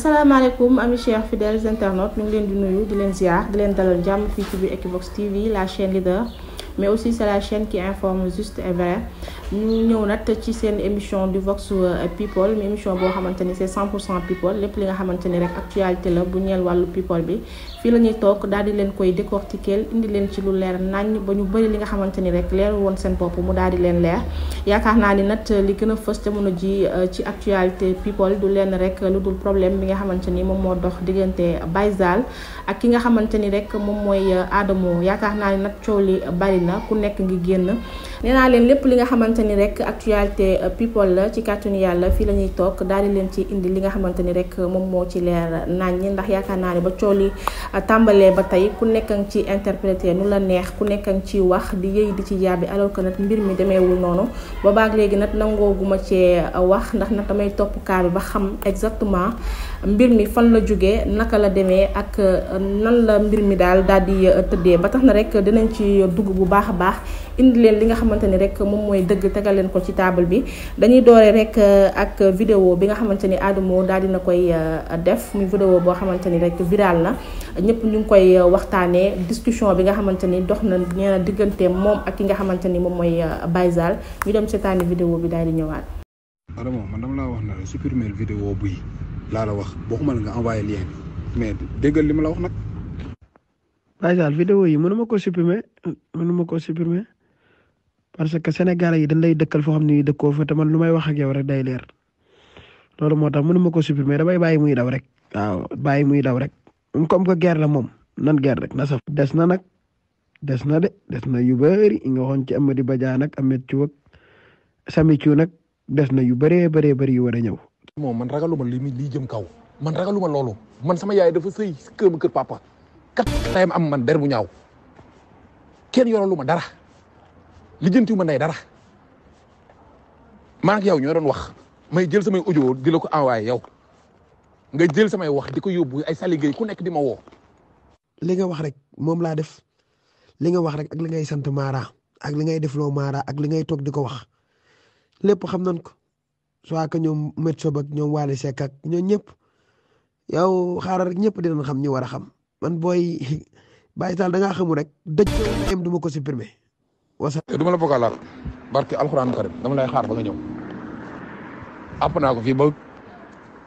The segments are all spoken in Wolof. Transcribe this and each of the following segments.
asalaamaaleykum amis chers fidèles internautes ñu ngi leen di nuyu di leen ziar di leen dalal jàmm fii ci biir Equivox TV la chaîne leader mais aussi c'est la chaîne qui informe juste et vrai ñu ñëw nag ci seen émission du Vox euh, People mi émission boo xamante ni c'est 100 pour cent people lépp li nga xamante ni rek actualité la bu ñeel wàllu people bi fii la toog daal di leen koy décortiquer indi leen ci lu leer nañ ba ñu bëri li nga xamante ni rek leer woon seen bopp mu daal di leen leer yaakaar naa ni nag li gën a fës jamono ji euh, ci actualité people du leen rek lu dul problème bi nga xamante ni moom moo dox diggante Bayzal ak ki nga xamante ni rek moom mooy euh, Adamo yaakaar naa ni nag coow li bari na ku nekk ngi génn nee naa leen lépp li nga xamante ni rek actualité euh, people la ci kàttanu yàlla fii la ñuy toog daal di leen ci indi li nga xamante ni rek moom moo ci leer nàññi ndax yaakaar naa ne ba cooli euh, tàmbalee ba tey ku nekk nga ci interprété nu la neex ku nekk nga ci wax di yëy di ci yàbbi alors que nag mbir mi demeewul noonu ba boobaag léegi nag nangooguma cee euh, wax ndax nag damay topp kaa ba xam exactement mbir mi fan la jógee naka la demee ak euh, nan la mbir mi daal daal di euh, tëddee ba tax na rek dinañ ci dugg bu baax a baax indi leen li nga xamante ni rek moom mooy dëgg tegal leen ko ci table bi dañuy doore rek euh, ak vidéo bi nga xamante ni Adamo daal dina koy def muy video boo xamante ni rek viral na ñëpp ñu ngi koy waxtaanee discussion bi nga xamante ni dox na nee na diggante moom ak ki nga xamante ni moom mooy Baye ñu dem seetaani vidéo bi daal di ñëwaat. laa la wax waxuma la nga ma lien bi mais déggal li ma la wax nag. Baye Sall vidéo yi mënuma ko supprimer mënuma ko supprimer parce que sénégalais yi dañ lay dëkkal foo xam ne dëkkoo fa te man lu may wax ak yow rek day leer loolu moo tax mënuma ko supprimer damay bàyyi muy daw rek. bàyyi muy daw rek comme que guerre la moom nan guerre rek na saf des na nag des na de des na yu bëri nga waxoon ci a Badiane ak Ameth Thiou ak Samy Thiou nag des na yu bëree bëree bari yu war a ñëw. moom man ragaluma li muy lii jëm kaw man ragaluma loolu man sama yaay dafa sëy kër ma kër papa kat tayam am man der bu ñaaw kenn yoraluma dara ma ndey dara maa ngi yow ñoo doon wax may jël samay audio di la ko envoyé yow nga jël samay wax di ko yóbbu ay saligéey ku nekk di ma wo li nga wax rek moom laa def li nga wax rek ak li ngay sant Mara ak li ngay def loo Mara ak li ngay toog di ko wax lépp xam nañ ko. soit que ñoom Metso ak ñoom Wally Seck ak ñoom ñëpp yow xaaral rek ñëpp dinañ xam ñi war a xam man booy bàyyi taal da ngaa xamul rek dëj ko du ma ko supprimer wasa. du ma la bëgg a laal barke alxuraan karim dama lay xaar ba nga ñëw àpp naa ko fii ba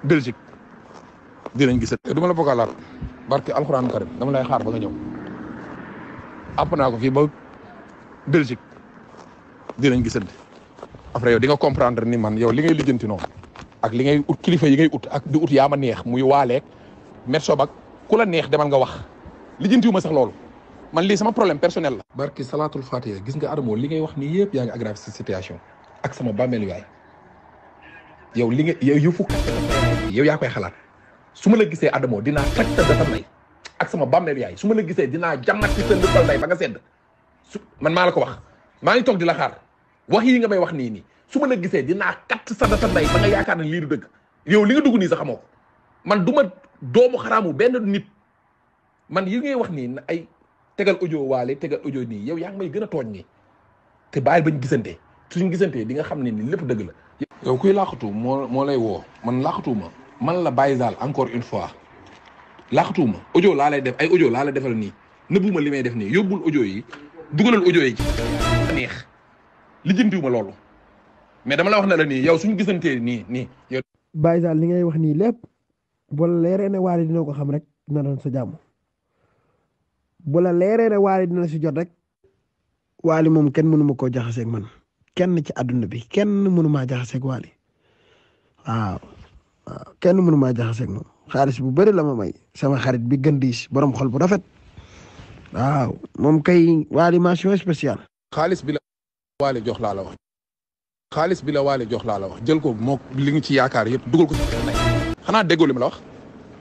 Belgique dinañ gis. du ma la bëgg a laal barke alxuraan lay xaar nga ñëw àpp naa ko fii ba Belgique dinañ gisante. après yow di comprendre ni man yow li ngay lijjanti noonu ak li ngay ut kilifa yi ngay ut ak di yaa ma neex muy waaleeg Metsob ak ku la neex demal nga wax lijjantiwuma sax loolu man lii sama problème personnel la. barki salaatul fatiha gis nga Adamo li ngay wax nii yëpp yaa ngi aggravé sa ak sama bàmmeelu yaay li nga yow fukk yow xalaat su ma la gisee Adamo dinaa toj ak sama bàmmeelu yaay su ma la gisee dinaa jàmmat ci sa dëkkal lay sedd man maa la ko wax maa ngi toog di la xaar. wax yi nga may wax nii nii su ma la gisee dinaa kat sa data nday ba nga yaakaar ne lii du dëgg yow li nga dugg nii sax xamoo ko man du ma doomu xaramu benn nit man yi ngay wax nii ay tegal ojo waale tegal audio nii yow yaa ngi may gën a tooñ nii te bàyyil bañ gisante suñ gisantee di nga xam ne ni lépp dëgg la. yow kuy laaxatu moo moo lay woo man laaxatu ma man la bàyyi daal encore une fois laaxatu ma audio laa lay def ay ojo laa lay defal nii nëbbu ma li may def nii yóbbul audio yi dugalal audio yi. lijjantiwuma loolu mais dama la wax na la nii yow suñu gisantee nii nii. Baye saa li ngay wax nii lépp bu la leeree ne waale dina ko xam rek na doon sa jàmm bu la leeree ne waale dina si jot rek waali moom kenn mënu koo jaxaseeg man kenn ci àdduna bi kenn mënu maa jaxaseeg waali waaw waaw kenn mënu maa jaxaseeg moom xaalis bu bëri la ma may sama xarit bi gën diis borom xol bu rafet waaw moom kay waali mention spéciale. xaalis bi waale jox laa la wax xaalis bi la waale jox laa la wax jël ko moo li nga ci yaakaar yëpp dugal ko ci nay xanaa déggoo li ma la wax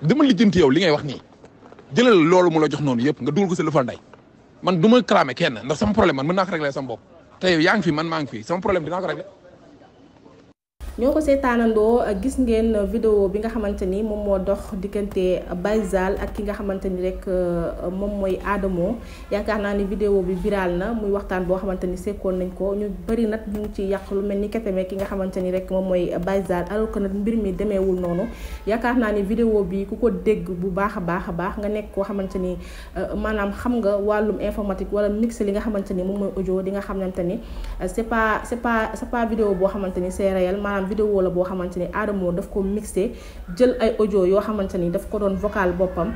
dama lijjanti yow li ngay wax nii jëlal loolu mu la jox noonu yëpp nga dugal ko sa lëfal ndey man du ma cramer kenn ndax sama problème man mën naa ko régler sama bopp te yaa ngi fi man maa ngi fi sama problème dinaa ko régler ñoo ko seetaanandoo gis ngeen vidéo bi nga xamante ni moom moo dox diggante Bayzal ak ki nga xamante ni rek euh, moom mooy Adamo yaakaar naa ni vidéo bi viral na muy waxtaan boo xamante ni sekkoon nañ ko ñu bëri nag ñu ngi ci yàq lu mel ni keteme ki nga xamante ni rek moom mooy Bayzal alors que nag mbir mi demewul noonu yaakaar naa ni vidéo bi ku ko dégg bu baax a baax a baax nga nekk koo xamante ni euh, maanaam xam nga wàllum informatique wala mix li nga xamante ni moom mooy audio di nga xamante ni euh, c'est pas c'est pas c'est boo xamante ni c'est réel maanaam la boo xamante ni Adamo daf ko mixé jël ay audio yoo xamante ni daf ko doon vocal boppam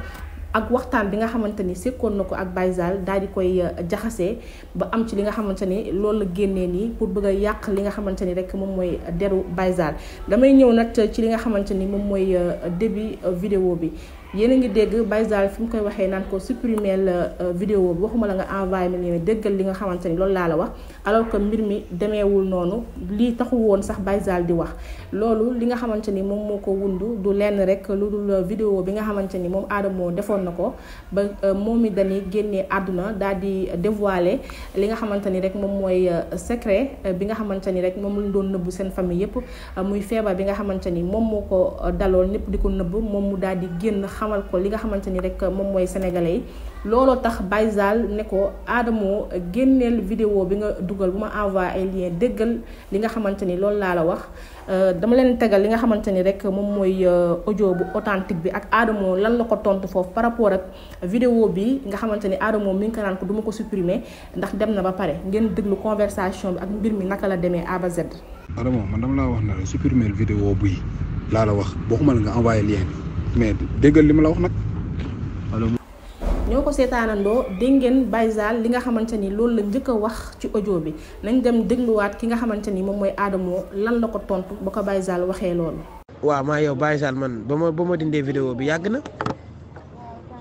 ak waxtaan bi nga xamante ni sekkoon na ko ak Baysal daal di koy euh, jaxasee ba am ci li nga xamante ni loolu la génnee nii pour bëgg a yàq li nga xamante ni rek moom mooy deru Baysal damay ñëw nag ci li nga xamante ni moom mooy euh, début euh, vidéo bi yéen a ngi dégg Bayzal fi mu koy waxee naan ko supprimer la euh, vidéo bi waxuma la nga envoyé ma ne déggal li nga xamante ni loolu laa la wax alors que mbir mi demeewul noonu lii taxu woon sax Bayzal di wax loolu li nga xamante ni moom moo ko wundu du lenn rek lu dul euh, vidéo bi nga xamante ni moom Adamo defoon na ko ba euh, moom mi dañuy génnee àdduna daal di dévoiler li nga xamante ni rek moom mooy secret bi nga xamante ni rek moom lañ doon nëbbu seen famille yëpp muy feebar bi nga xamante ni moom moo ko daloon ñëpp di ko nëbb moom mu daal di génn xamal ko li nga xamante ni rek moom mooy sénégalais looloo tax Baye Zale ne ko Adamo génneel vidéo bi nga dugal bu ma envoyé ay lien déggal li nga xamante ni loolu laa la wax euh, dama leen tegal li nga xamante ni rek moom mooy euh, audio bu authentique bi ak Adamo lan la ko tontu foofu par rapport ak vidéo bi nga xamante ni Adamo mi ko naan ko du ma ko supprimer ndax dem na ba pare ngeen déglu conversation bi ak mbir mi naka la demee A Z. Adamo man dama laa wax na supprimer vidéo buy laa la wax bokkuma la nga mais déggal li ma la wax nag. ñoo ko seetaanandoo dégg ngeen Baye li nga xamante ni loolu la njëkk a wax ci audio bi nañ dem dégluwaat ki nga xamante ni moom mooy aadamoo lan la ko tontu ba ko Baye Zale waxee loolu. waaw maa yow Baye man ba ma dindee vidéo bi yàgg na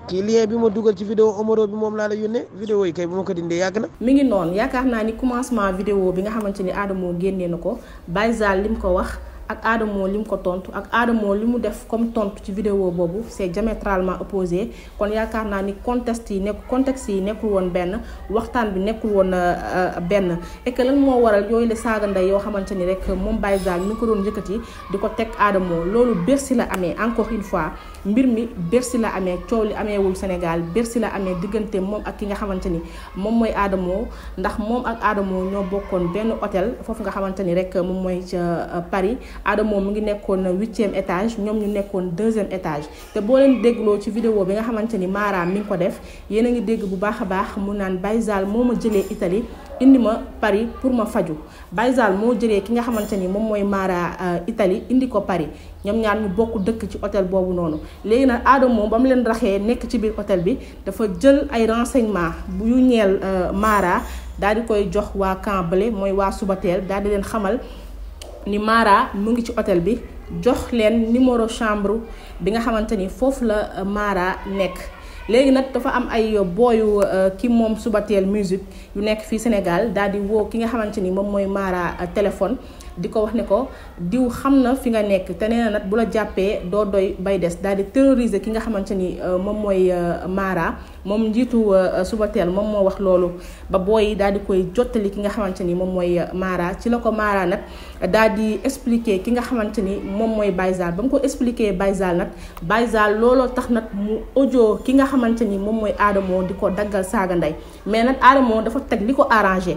kii lien bi ma dugal ci vidéo omoro bi moom laa la yónnee vidéo yi kay bu ma ko dindee yàgg na. mi ngi noon yaakaar naa ni commencement vidéo bi nga xamante ni Adamo génnee na ko Baye Zale ko wax. ak aadamoo li mu ko tontu ak Adamo li mu def comme tontu ci vidéo boobu c'est diamétralement opposé kon yaakaar naa ni contexte yi nekk contexte yi nekkul woon benn waxtaan bi nekkul woon euh, euh, benn et que lan moo waral la saaga yoo xamante ni rek moom Baye Zale ko doon yëkkati di ko teg Adamo loolu Bercy la amee encore une fois mbir mi Bercy la amee coow li ameewul Sénégal Bercy la amee diggante moom ak ki nga xamante ni moom mooy aadamoo ndax moom ak Adamo ñoo bokkoon benn hôtel foofu nga xamante ni rek moom mooy ca euh, Paris aada moom mu ngi nekkoon huitième étage ñoom ñu nekkoon deuxième étage te boo leen dégloo ci vidéo bi nga xamante ni maaraam mi ngi ko def yéen a ngi dégg bu baax a baax mu naan Bayzal moo ma jëlee Italie indi ma Paris pour ma faju Bayzal moo jëlee ki nga xamante ni moom mooy Mara euh, Italie indi ko Paris ñoom ñaar ñu bokk dëkk ci hôtel boobu noonu léegi nag Adamo ba mu leen raxee nekk ci biir hôtel bi dafa jël ay renseignement bu yu ñeel euh, Mara daal di koy jox waa camp mooy waa Subatel daal di leen xamal ni Mara mu ngi ci hôtel bi jox leen numéro chambre bi nga xamante ni foofu la euh, Mara nekk léegi nag dafa am ay booyu euh, ki moom suba teel musique yu nekk fii Sénégal daal di woo ki nga xamante ni moom mooy Mara téléphone di ko wax ne ko diw xam na fi nga nekk te nee nag bu la jàppee doo doy bay des daal di terroriser ki nga xamante ni euh, moom mooy euh, Mara moom njiitu euh, Subatel moom moo wax loolu ba booy daal di koy jottali ki nga xamante ni moom mooy Mara ci la ko Mara nag daal di expliquer ki nga xamante ni moom mooy Bayzal ba mu ko expliquer Bayzal nag Bayzal looloo tax nag mu audio ki nga xamante ni moom mooy aadamoo di ko daggal saaga ndey mais nag Adamo dafa teg li ko arrangé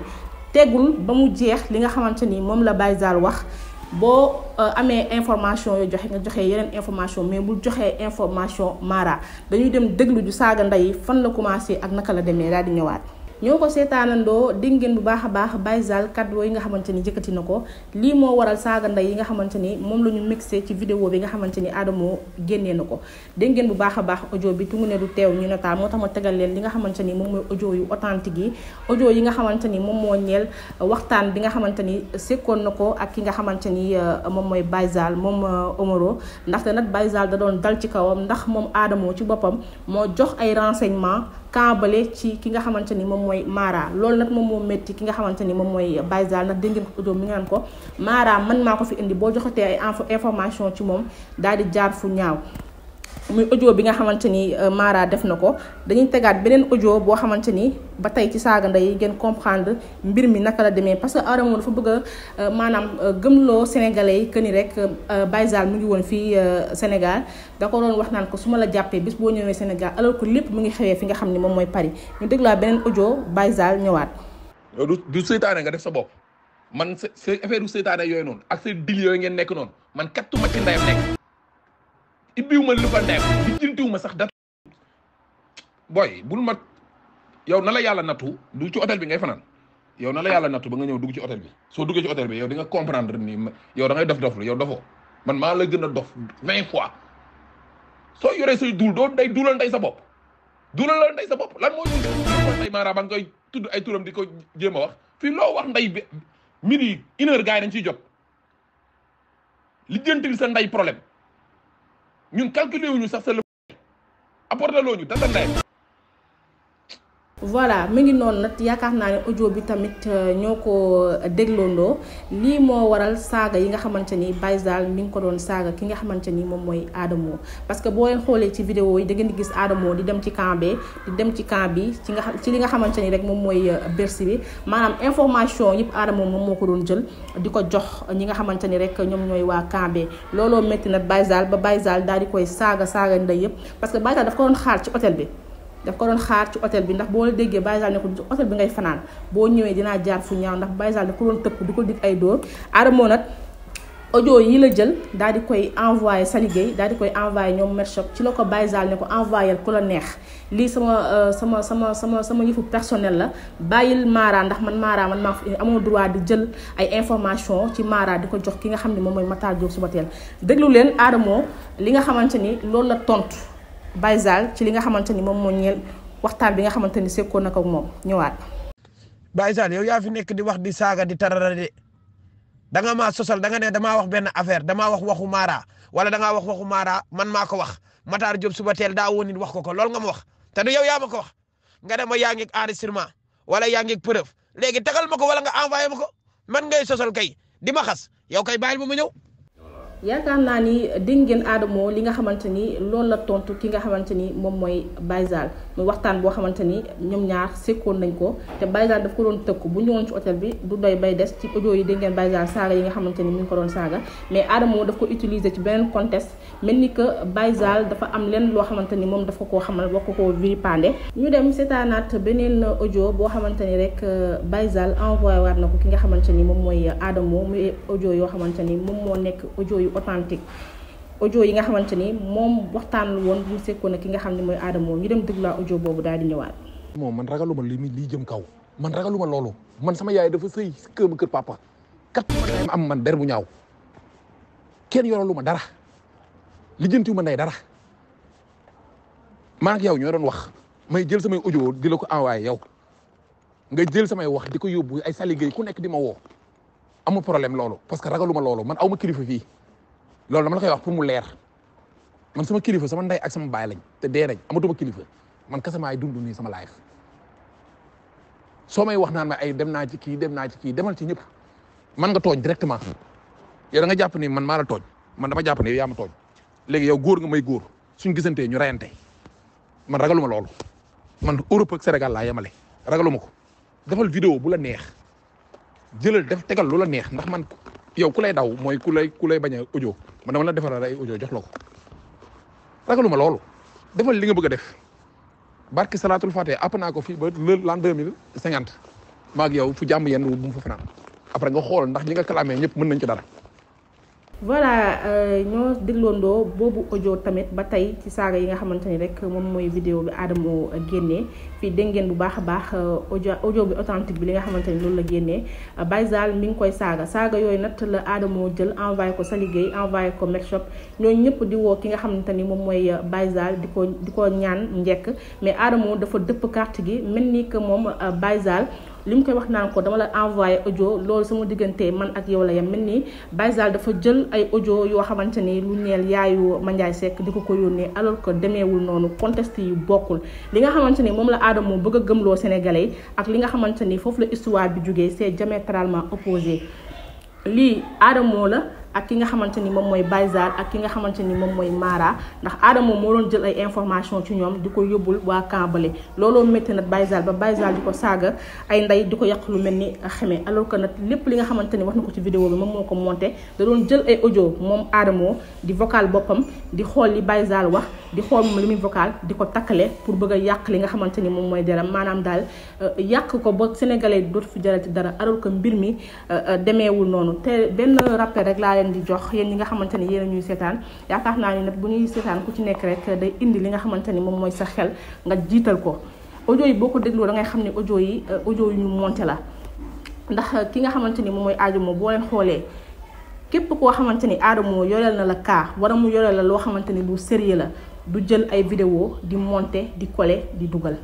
tegul ba mu jeex li nga xamante ni moom la Baye Zale wax boo euh, amee information yoo joxe nga joxe yeneen information mais bul joxee information Mara dañuy dem déglu ju saaga ndey fan la commencé ak naka la demee daal di ñëwaat. ñoo ko seetaanandoo dégg bu baax a baax Baye Zale yi nga xamante ni yëkkati na ko lii moo waral saaga ndey yi nga xamante ni moom la ñu mixé ci vidéo bi nga xamante ni Adamo génnee na ko dégg ngeen bu baax a baax audio bi tungu ne du teew ñu nataal moo tax ma tegal leen li nga xamante ni moom mooy audio yu authentique yi ojo yi nga xamante ni moom moo ñel waxtaan bi nga xamante ni sekkoon na ko ak ki nga xamante ni euh, moom mooy Baye Zale moom euh, Omaro ndaxte nag Baye da doon dal ci kawam ndax moom aadamoo ci boppam moo jox ay renseignement kambale ci ki nga xamante ni moom mooy Mara loolu nag moom moo métti ki nga xamante ni moom mooy Baye Zale nag dégg ngeen ko audio mi ngaan ko Mara man maa ko fi indi boo joxatee ay information ci moom daal di jaar fu ñaaw muy audio bi nga xamante ni euh, Mara def na ko dañuy tegaat beneen audio boo xamante ni ba tey ci saaga yi ngeen comprendre mbir mi naka la demee parce que Adamo dafa bëgg a euh, maanaam euh, gëmloo sénégalais yi que ni rek Baye mu ngi woon fii Sénégal da ko doon wax naan ko su ma la jàppee bis boo ñëwee Sénégal alors que lépp mu ngi xewee fi nga xam ni moom mooy Paris ñu dégluwaat beneen audio Baye Zale ñëwaat. du du seytaane nga def sa bopp man sa sa affaire du seytaane yooyu noonu ak seen dil yooyu ngeen nekk noonu man kattu ma ibbiwuma li fa nekk lijjantiwuma sax dat booy bul mat yow na la yàlla nattu du ci hôtel bi ngay fanaan yow na la yàlla nattu ba nga ñëw dugg ci hôtel bi soo duggee ci hôtel bi yow di nga comprendre yow da ngay dof dof la yow dofoo man maa la gën a dof vingt fois soo yoree say duul doo day duulal ndey sa bopp duulal la ndey sa bopp lan moo ñu koy tudd ay turam di ko jéem a wax fii loo wax ndey bi midi une heure gars yi dañ ciy jot lijjantil sa ndey problème ñun calculer wuñu sax sa lëb apporté looñu te sa ndey voilà mi ngi noonu nag yaakaar naa ne audio bi tamit euh, ñoo ko euh, dégloondoo lii moo waral saaga yi nga xamante ni Baye mi ngi ko doon saaga ki nga xamante ni moom mooy Adamo que boo leen xoolee ci vidéo yi da ngeen di gis Adamo di dem ci camp bi ci camp bi ci nga ci li nga xamante ni rek moom mooy euh, Bercy bi maanaam information yëpp Adamo moom moo ko doon jël di ko jox ñi nga xamante ni rek ñoom ñooy waa camp bi looloo métti na Baye ba Baye Zale daal di koy saaga saaga ndey yëpp parce que Baye Zale daf ko doon xaar ci hôtel bi daf ko doon xaar ci hôtel bi ndax boo la déggee Baye Zale ne ko hôtel bi ngay fanaan boo ñëwee dinaa jaar fu ñaaw ndax Baye Zale da ko doon tëpp di ko dig ay dóor Adamo nag audio yi la jël daal di koy envoyé sa liggéey daal di koy envoyé ñoom Merchop ci la ko Baye ne ko envoyé la ku la neex lii sama euh, sama sama sama sama yëfu personnel la bàyyil Mara ndax man Mara man maa amoo droit di jël ay information ci maaraa di ko jox ki nga xam ne moom mooy Matar Diop Soubatel déglu leen Adamo li nga xamante ni loolu la tontu. Baysal ci li nga xamante ni moom moo ñeel waxtaan bi nga xamante ni sekkoon na ko moom ñëwaat. Baysal yow yaa fi nekk di wax di saaga di tarara de da nga sosal da nga ne damaa wax benn affaire damaa wax waxu Mara wala dangaa wax waxu maara man maa ko wax Matar Diop suba teel daa woon nit wax ko ko loolu nga ma wax te du yow yaa ma ko wax nga dem ma yaa ngi enregistrement wala yaa ngi preuve léegi tagal ma ko wala nga envoyé ma ko man ngay sosal kay di ma xas yow kay bàyyil ba yaakaar naa ni dégg ngeen Adamo li nga xamante ni loolu la tontu ki nga xamante ni moom mooy Baye Zale muy waxtaan boo xamante ni ñoom ñaar sekkoon nañ ko te Bayzal daf ko doon tëkk bu ñëwoon ci hôtel bi du doy bay des ci audio yi dégg ngeen Bayzal saaga yi nga xamante ni mi ngi ko doon saaga mais Adamo daf ko utiliser ci beneen contexte mel ni que Bayzal dafa am lenn loo xamante ni moom daf ko koo xamal wax ko koo vilipender ñu dem seetaanaat beneen audio boo xamante ni rek euh, Bayzal envoyé waat na ko ki nga xamante ni moom mooy Adamo muy audio yoo xamante ni moom moo nekk audio yu authentique audio yi nga xamante ni moom waxtaan la woon bu mu sekkoon ak ki nga xam ne mooy Adamo ñu dem déglu audio boobu daal di ñëwaat. moom man ragaluma li muy lii jëm kaw man ragaluma loolu man sama yaay dafa sëy si kër ma kër papa kat am man der bu ñaaw kenn yoraluma dara lijjantiwuma ndey dara maa yow ñoo doon wax may jël samay audio di la ko awaay yow nga jël samay wax di ko yóbbu ay saligéey ku nekk di ma woo amul problème loolu parce que ragaluma loolu man aw ma kilifa fii. loolu dama la koy wax pour mu leer man sama kilifa sama ndey ak sama baay lañ te dee nañ amatuma kilifa man kese maay dund nii sama life soo may wax naan ma ay dem naa ci kii dem naa ci kii demal ci ñëpp man nga tooñ directement yow da nga jàpp ni man maa la tooñ man dama jàpp ni yow yaa ma tooñ léegi yow góor nga may góor suñ gisantee ñu reyante man ragaluma loolu man Europe ak Sénégal laa yemale ragaluma ko defal vidéo bu la neex jëlal def tegal lu la neex ndax man yow ku lay daw mooy ku lay ku lay bañ a audio man dama la defaral ay audio jox la ko ragaluma loolu defal li nga bëgg a def barki salaatul fatiha app naa ko fii ba le l'an deux mille cinquante maa ak yow fu jàmm yenn bu mu fa fanaan après nga xool ndax ñi nga clamé ñëpp mën nañ ci dara voilà euh, ñoo dégloondoo boobu audio tamit ba tey ci saaga yi nga xamante ni rek moom mooy vidéo bi Adamo génnee fii dégg ngeen bu baax a baax euh, audio audio bi authentique bi li nga xamante ni loolu la génnee euh, Baye Zale mi ngi koy saaga saaga yooyu nag la Adamo jël envoyé ko sa liggéey envoyé ko Medshop ñooñu ñëpp di woo ki nga xamante ni moom mooy Baye di ko di ko ñaan njekk mais Adamo dafa dëpp carte gi mel ni que moom Baye Zale li mu koy wax naan ko dama la envoyé ojo loolu sama diggante man ak yow la yam mel nii Baye dafa jël ay ojo yoo xamante ni lu ñeel yaayu Mandiaye Seck di ko ko yónnee alors que demeewul noonu contexte yu bokkul li nga xamante ni moom la Adamo bëgg a gëmloo Sénégalais yi ak li nga xamante ni foofu la histoire bi jugee c'est diamétralement opposé lii Adamo la ak ki nga xamante ni moom mooy Bayzal ak ki nga xamante ni moom mooy Mara ndax Adama moo doon jël ay information ci ñoom di ko yóbbul waa Kambale looloo métti nag Bayzal ba Bayzal di ko saaga ay ndey di ko yàq lu mel ni xeme alors que nag lépp li nga xamante ni wax na ko ci vidéo bi moom moo ko monté da doon jël ay audio moom Adama di vocal boppam di xool li Bayzal wax di xool moom li muy vocal di ko takkale pour bëgg a yàq li nga xamante ni moom mooy deram maanaam daal euh, yàq ko ba sénégalais dootu fi jarati dara alors que mbir mi euh, euh, demeewul noonu te benn leen di jox yéen ñi nga xamante ni yéen ñuy seetaan yaakaar naa ni nag bu ñuy seetaan ku ci nekk rek day indi li nga xamante ni moom mooy sa xel nga jiital ko audio yi boo ko dégloo da ngay xam ne audio yi euh, audio yu ñu moonte la ndax euh, ki nga xamante ni moom mooy aadama boo leen xoolee képp koo xamante ni aadama yoreel na la kaa wara mu yoreel la loo xamante ni lu sérieux la du jël ay vidéo di monté di kole di dugal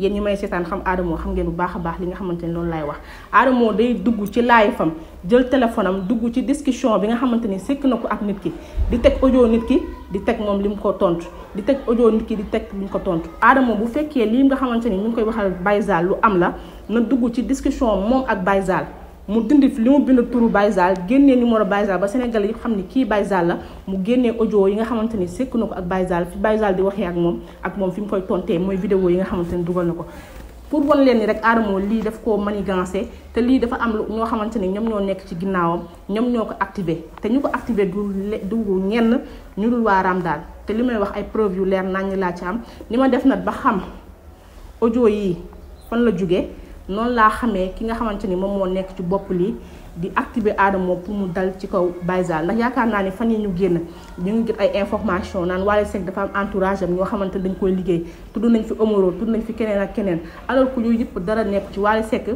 yéen ñu may seetaan xam Adamo xam ngeen bu baax a baax li nga xamante ni loolu laay wax Adamo day dugg ci live fam jël téléphone am dugg ci discussion bi nga xamante ni sekk na ko ak nit ki di teg audio nit ki di teg moom li mu ko tontu di teg audio nit ki di teg li mu ko tontu Adamo bu fekkee lii nga xamante ni mi ngi koy waxal Baye Zale lu am la na dugg ci discussion moom ak Baye Zale mu dindi li mu bind turu Baye Zale génnee numéro Baye ba Sénégal yëpp xam ni kii Baye Zale la mu génnee audio yi nga xamante ni sekk na ko ak Baye Zale fi Baye Zale di waxee ak moom ak moom fi mu koy tontee mooy vidéo yi nga xamante ni dugal na ko pour wan leen ni rek Adamo lii daf koo manigancé te lii dafa am ñoo xamante ni ñoom ñoo nekk ci ginnaawam ñoom ñoo ko activé te ñu ko activé du du ñenn ñu dul waa daal te li may wax ay preuve yu leer nañ laa am li ma def nag ba xam audio yi fan la jóge noonu laa xamee ki nga xamante ni moom moo nekk ci bopp li di activer Adamo pour mu dal ci kaw Baye Zale ndax yaakaar naa ne fan yi ñu génn ñu ngi jot ay information naan Wally Seck dafa am entourage am ñoo xamante dañ koy liggéey tudd nañ fi Omaro tudd nañ fi keneen ak keneen alors que yooyu yëpp dara nekk ci Wally Seck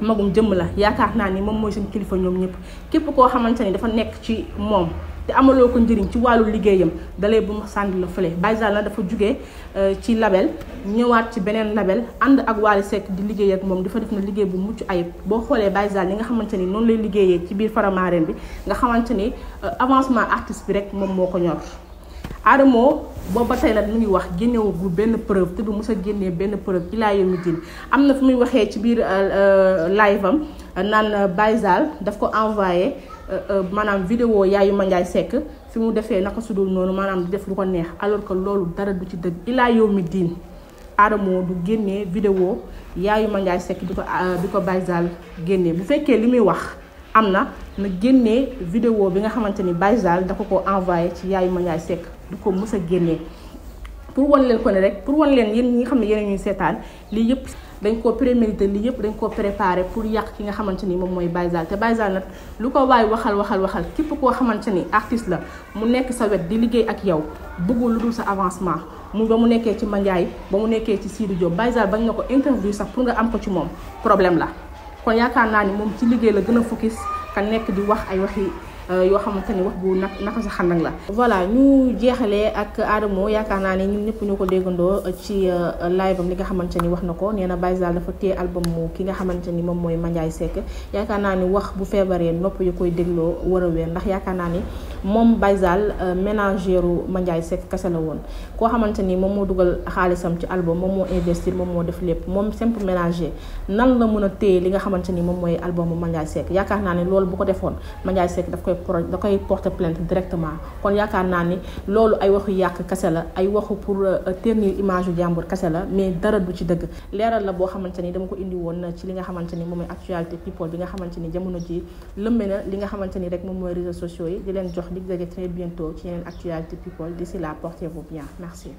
magum jëmm la yaakaar naa ni moom mooy seen kilifa ñoom ñëpp képp koo xamante ni dafa nekk ci moom te amaloo ko njëriñ ci wàllu liggéeyam dalay bu ma sànni la fële Baye Zala dafa jugee euh, ci label ñëwaat ci beneen label ànd ak Wally Seck di liggéey ak moom dafa def na liggéey bu mucc ayib boo xoolee Baye Zala nga xamante ni noonu lay liggéeyee ci biir Faramareen bi nga xamante ni euh, avancement artiste bi rek moom moo ko ñor Adamo boobu ba tey nag ñuy wax wax génnewul benn preuve te du mës a génnee benn preuve ci laa yomi din am na fu muy waxee ci biir euh, live am naan daf ko envoyé Euh, euh, maanaam video yaayu Mandiaye sekk fi mu defee naka sudul noonu maanaam di def lu ko neex alors que loolu dara du ci dëgg ilaa yow mi diin Adamo du génnee vidéo yaayu Mandiaye sekk di ko euh, di ko Baye génnee bu fekkee li muy wax am na na génnee vidéo bi nga xamante ni Baye Zale da ko ko envoyé ci yaayu Mandiaye sekk du ko mës a génnee pour wan leen ko ne rek pour wan leen yéen ñi nga xam ne yéen ñuy seetaan lii yëpp dañ koo prémédité li yëpp dañ koo préparé pour yàq ki nga xamante ni moom mooy Baye Zale te Baye nag lu ko waay waxal waxal waxal képp koo xamante ni artiste la mu nekk sa wet di liggéey ak yow bëggul lu dul sa avancement mu ba mu nekkee ci Mandiaye ba mu nekkee ci Sidi Diop Baye ba nga ko interview sax pour nga am ko ci moom problème la kon yaakaar naa ni moom ci liggéey la gën a fukki ka nekk di wax ay waxi Euh, yoo xamante ni wax bu na naka sa xandak la voilà ñu jeexalee ak Adamo yaakaar naa ne ñun ñëpp ñoo ko déggandoo ci euh, live am li nga xamante ni wax na ko nee na dafa téye album mu ki nga xamante ni moom mooy Mandiaye Seck yaakaar naa ni wax bu feebaree nopp yu koy dégloo war a ndax yaakaar naa ni moom Baysal euh, ménagéru Mandiaye Seck kase la woon koo xamante ni moom moo dugal xaalisam ci album moom moo investir moom moo def lépp moom simple ménager nan la mën a téye li nga xamante ni moom mooy albumu Mandiaye Seck yaakaar naa ne loolu bu ko defoon Mandiaye Seck daf koy pro da koy porter plainte directement kon yaakaar naa ni loolu ay waxu yàq kese la ay waxu pour euh, ternir image yu jàmbur kese la mais dara du ci dëgg leeral la boo xamante ni dama ko indi woon ci li nga xamante ni moom mooy actualité people bi nga xamante ni jamono ji lëmbe na li nga xamante ni rek moom mooy réseaux sociaux yi di leen jox jox dig daje très bientôt ci yeneen actualité people d'ici là portez-vous bien merci